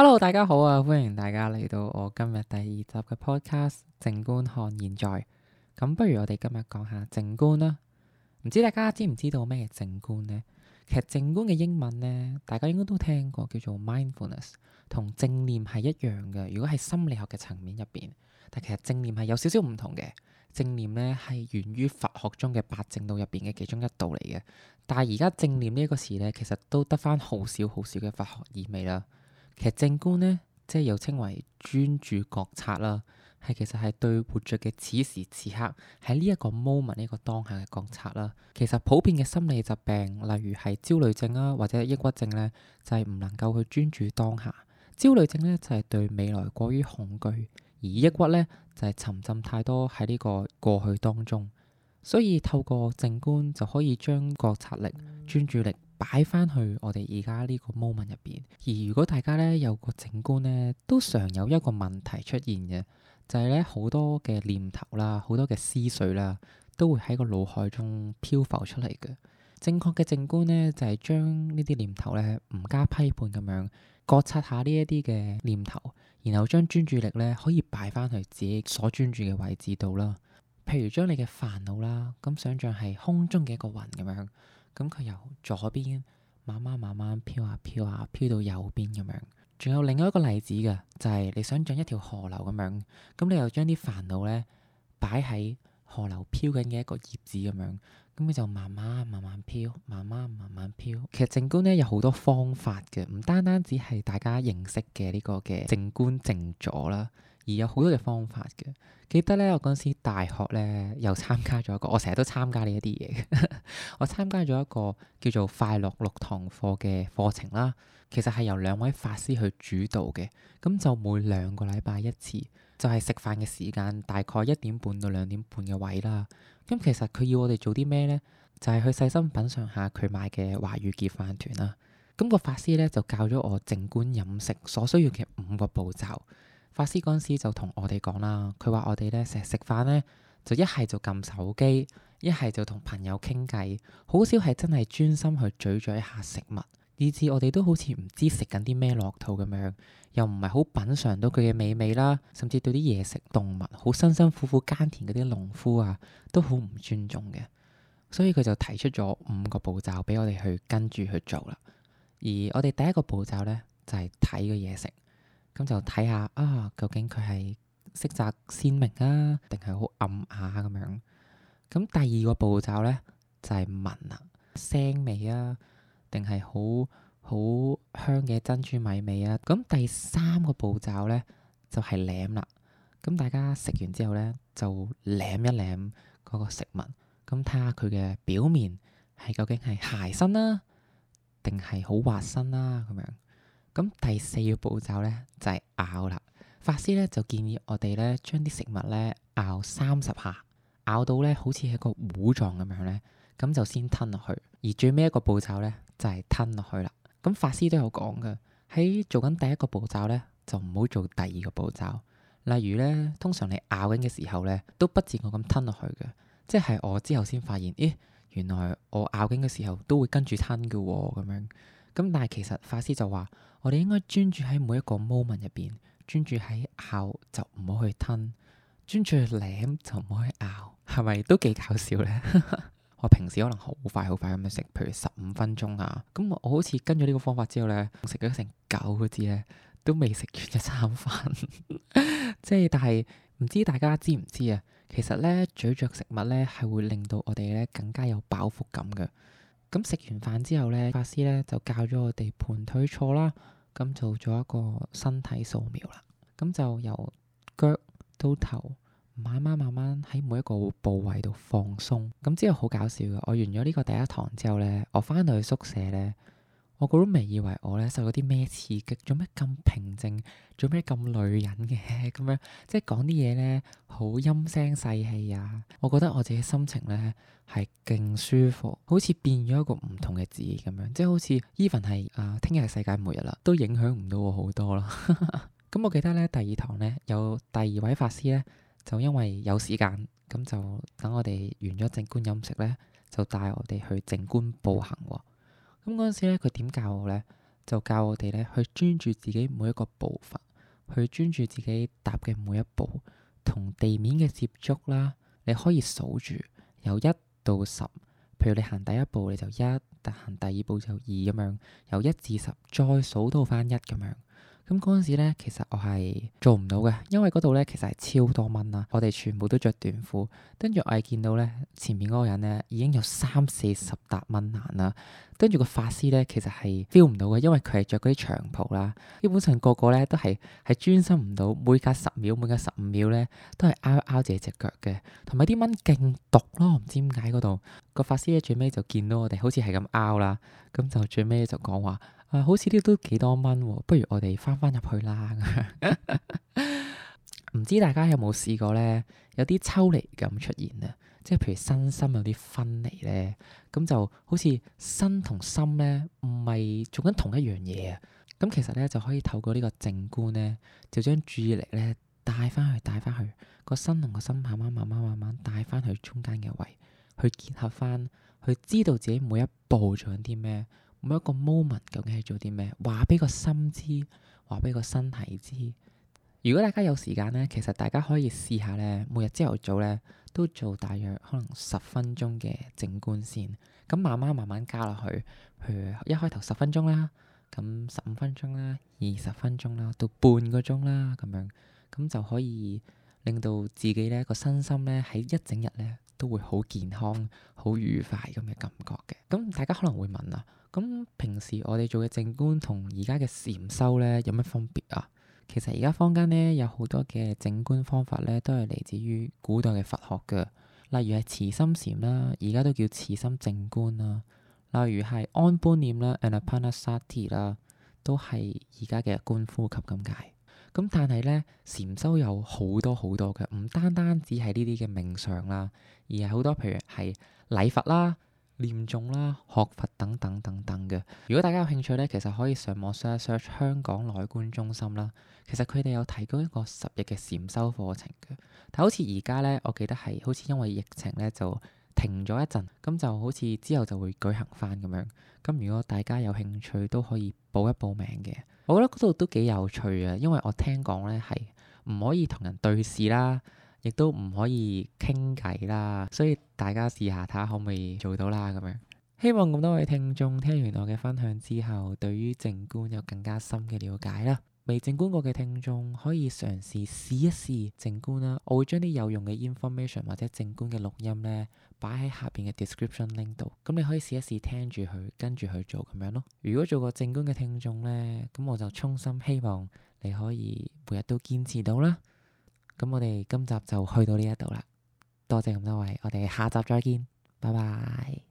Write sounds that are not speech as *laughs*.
Hello，大家好啊！歡迎大家嚟到我今日第二集嘅 podcast《靜觀看現在》。咁不如我哋今日講下靜觀啦。唔知大家知唔知道咩係靜觀呢？其實靜觀嘅英文呢，大家應該都聽過，叫做 mindfulness，同正念係一樣嘅。如果係心理學嘅層面入邊，但其實正念係有少少唔同嘅。正念呢係源於佛學中嘅八正道入邊嘅其中一道嚟嘅。但係而家正念呢一個詞呢，其實都得返好少好少嘅佛學意味啦。其實靜觀咧，即係又稱為專注覺察啦，係其實係對活著嘅此時此刻喺呢一個 moment 呢個當下嘅覺察啦。其實普遍嘅心理疾病，例如係焦慮症啊或者抑鬱症咧，就係唔能夠去專注當下。焦慮症咧就係對未來過於恐懼，而抑鬱咧就係沉浸太多喺呢個過去當中。所以透過靜觀就可以將覺察力、專注力擺翻去我哋而家呢個 moment 入邊，而如果大家咧有個靜觀咧，都常有一個問題出現嘅，就係咧好多嘅念頭啦，好多嘅思緒啦，都會喺個腦海中漂浮出嚟嘅。正確嘅靜觀咧，就係、是、將呢啲念頭咧唔加批判咁樣覺察下呢一啲嘅念頭，然後將專注力咧可以擺翻去自己所專注嘅位置度啦。譬如將你嘅煩惱啦，咁想象係空中嘅一個雲咁樣。咁佢由左邊慢慢慢慢漂下漂下漂到右邊咁樣，仲有另外一個例子嘅，就係你想像一條河流咁樣，咁你又將啲煩惱咧擺喺河流漂緊嘅一個葉子咁樣，咁你就慢慢慢慢漂，慢慢慢慢漂。其實靜觀咧有好多方法嘅，唔單單只係大家認識嘅呢個嘅靜觀靜坐啦。而有好多嘅方法嘅，記得咧，我嗰陣時大學咧又參加咗一個，我成日都參加呢一啲嘢， *laughs* 我參加咗一個叫做快樂六堂課嘅課程啦。其實係由兩位法師去主導嘅，咁就每兩個禮拜一次，就係食飯嘅時間，大概一點半到兩點半嘅位啦。咁其實佢要我哋做啲咩咧？就係、是、去細心品嚐下佢買嘅華御結飯團啦。咁、那個法師咧就教咗我靜觀飲食所需要嘅五個步驟。法師嗰陣時就同我哋講啦，佢話我哋咧成日食飯咧就一係就撳手機，一係就同朋友傾偈，好少係真係專心去咀嚼一下食物，以致我哋都好似唔知食緊啲咩落肚咁樣，又唔係好品嚐到佢嘅美味啦，甚至對啲嘢食動物好辛辛苦苦耕田嗰啲農夫啊，都好唔尊重嘅。所以佢就提出咗五個步驟俾我哋去跟住去做啦。而我哋第一個步驟咧就係、是、睇個嘢食。咁就睇下啊，究竟佢係色澤鮮明啊，定係好暗下咁樣？咁第二個步驟咧就係聞啦，腥味啊，定係好好香嘅珍珠米味啊？咁第三個步驟咧就係舐啦。咁大家食完之後咧就舐一舐嗰個食物，咁睇下佢嘅表面係究竟係鞋身啦、啊，定係好滑身啦、啊、咁樣。咁第四個步驟咧就係、是、咬啦，法師咧就建議我哋咧將啲食物咧咬三十下，咬到咧好似係個糊狀咁樣咧，咁就先吞落去。而最尾一個步驟咧就係、是、吞落去啦。咁法師都有講嘅，喺做緊第一個步驟咧就唔好做第二個步驟。例如咧，通常你咬緊嘅時候咧都不自覺咁吞落去嘅，即係我之後先發現，咦，原來我咬緊嘅時候都會跟住吞嘅喎咁樣。咁但係其實法師就話。我哋應該專注喺每一個 moment 入邊，專注喺咬就唔好去吞，專注去舐就唔好去咬，係咪都幾搞笑咧？ *laughs* 我平時可能好快好快咁樣食，譬如十五分鐘啊，咁我好似跟咗呢個方法之後咧，食咗成九支咧都未食完嘅餐飯，即 *laughs* 係、就是、但係唔知大家知唔知啊？其實咧咀嚼食物咧係會令到我哋咧更加有飽腹感嘅。咁食完飯之後咧，法師咧就教咗我哋盤腿坐啦，咁做咗一個身體掃描啦，咁就由腳到頭，慢慢慢慢喺每一個部位度放鬆。咁之後好搞笑嘅，我完咗呢個第一堂之後咧，我返到去宿舍咧。我嗰都未以為我咧受咗啲咩刺激，做咩咁平靜，做咩咁女人嘅咁樣，即係講啲嘢咧好陰聲細氣啊！我覺得我自己心情咧係勁舒服，好似變咗一個唔同嘅自己咁樣，即係好似 even 係啊聽日係世界末日啦，都影響唔到我好多啦。咁 *laughs* 我記得咧第二堂咧有第二位法師咧，就因為有時間咁就等我哋完咗靜觀飲食咧，就帶我哋去靜觀步行喎、啊。咁嗰陣時咧，佢點教我咧？就教我哋咧去專注自己每一個步伐，去專注自己踏嘅每一步同地面嘅接觸啦。你可以數住由一到十，譬如你行第一步你就一，但行第二步就二咁樣，由一至十再數到返一咁樣。咁嗰陣時咧，其實我係做唔到嘅，因為嗰度咧其實係超多蚊啦。我哋全部都着短褲，跟住我係見到咧前面嗰個人咧已經有三四十笪蚊痕啦。跟住個法師咧其實係 feel 唔到嘅，因為佢係着嗰啲長袍啦。基本上個個咧都係係專心唔到，每隔十秒、每隔十五秒咧都係拗一拗自己隻腳嘅，同埋啲蚊勁毒咯，唔知點解嗰度個法師咧最尾就見到我哋好似係咁拗啦，咁就最尾就講話。啊，好似啲都幾多蚊喎，啊，不如我哋翻返入去啦。唔知大家有冇試過咧，有啲抽離咁出現啊，即係譬如身心有啲分離咧，咁就好似身同心咧，唔係做緊同一樣嘢啊。咁其實咧，就可以透過呢個靜觀咧，就將注意力咧帶翻去，帶翻去個身同個心，慢慢慢慢慢慢帶翻去中間嘅位，去結合翻，去知道自己每一步做緊啲咩。每一個 moment 究竟係做啲咩？話俾個心知，話俾個身體知。如果大家有時間咧，其實大家可以試下咧，每日朝頭早咧都做大約可能十分鐘嘅靜觀先。咁慢慢慢慢加落去，譬如一開頭十分鐘啦，咁十五分鐘啦，二十分鐘啦，到半個鐘啦，咁樣咁就可以令到自己咧個身心咧喺一整日咧。都會好健康、好愉快咁嘅感覺嘅。咁大家可能會問啦，咁平時我哋做嘅靜觀同而家嘅禪修咧有咩分別啊？其實而家坊間咧有好多嘅靜觀方法咧都係嚟自於古代嘅佛學㗎，例如係慈心禪啦，而家都叫慈心靜觀啦，例如係安般念啦 （Anapanasati） 啦，An ati, 都係而家嘅觀呼吸咁解。咁但係咧，禪修有好多好多嘅，唔單單只係呢啲嘅冥想啦，而係好多譬如係禮佛啦、念誦啦、學佛等等等等嘅。如果大家有興趣咧，其實可以上網 search search 香港內觀中心啦。其實佢哋有提供一個十日嘅禪修課程嘅，但好似而家咧，我記得係好似因為疫情咧就停咗一陣，咁就好似之後就會舉行返咁樣。咁如果大家有興趣，都可以報一報名嘅。我覺得嗰度都幾有趣啊，因為我聽講呢係唔可以同人對視啦，亦都唔可以傾偈啦，所以大家試下睇下可唔可以做到啦咁樣。希望咁多位聽眾聽完我嘅分享之後，對於靜觀有更加深嘅了解啦。未靜觀過嘅聽眾可以嘗試試一試靜觀啦。我會將啲有用嘅 information 或者靜觀嘅錄音咧擺喺下邊嘅 description link 度，咁你可以試一試聽住佢，跟住去做咁樣咯。如果做過靜觀嘅聽眾咧，咁我就衷心希望你可以每日都堅持到啦。咁我哋今集就去到呢一度啦。多謝咁多位，我哋下集再見，拜拜。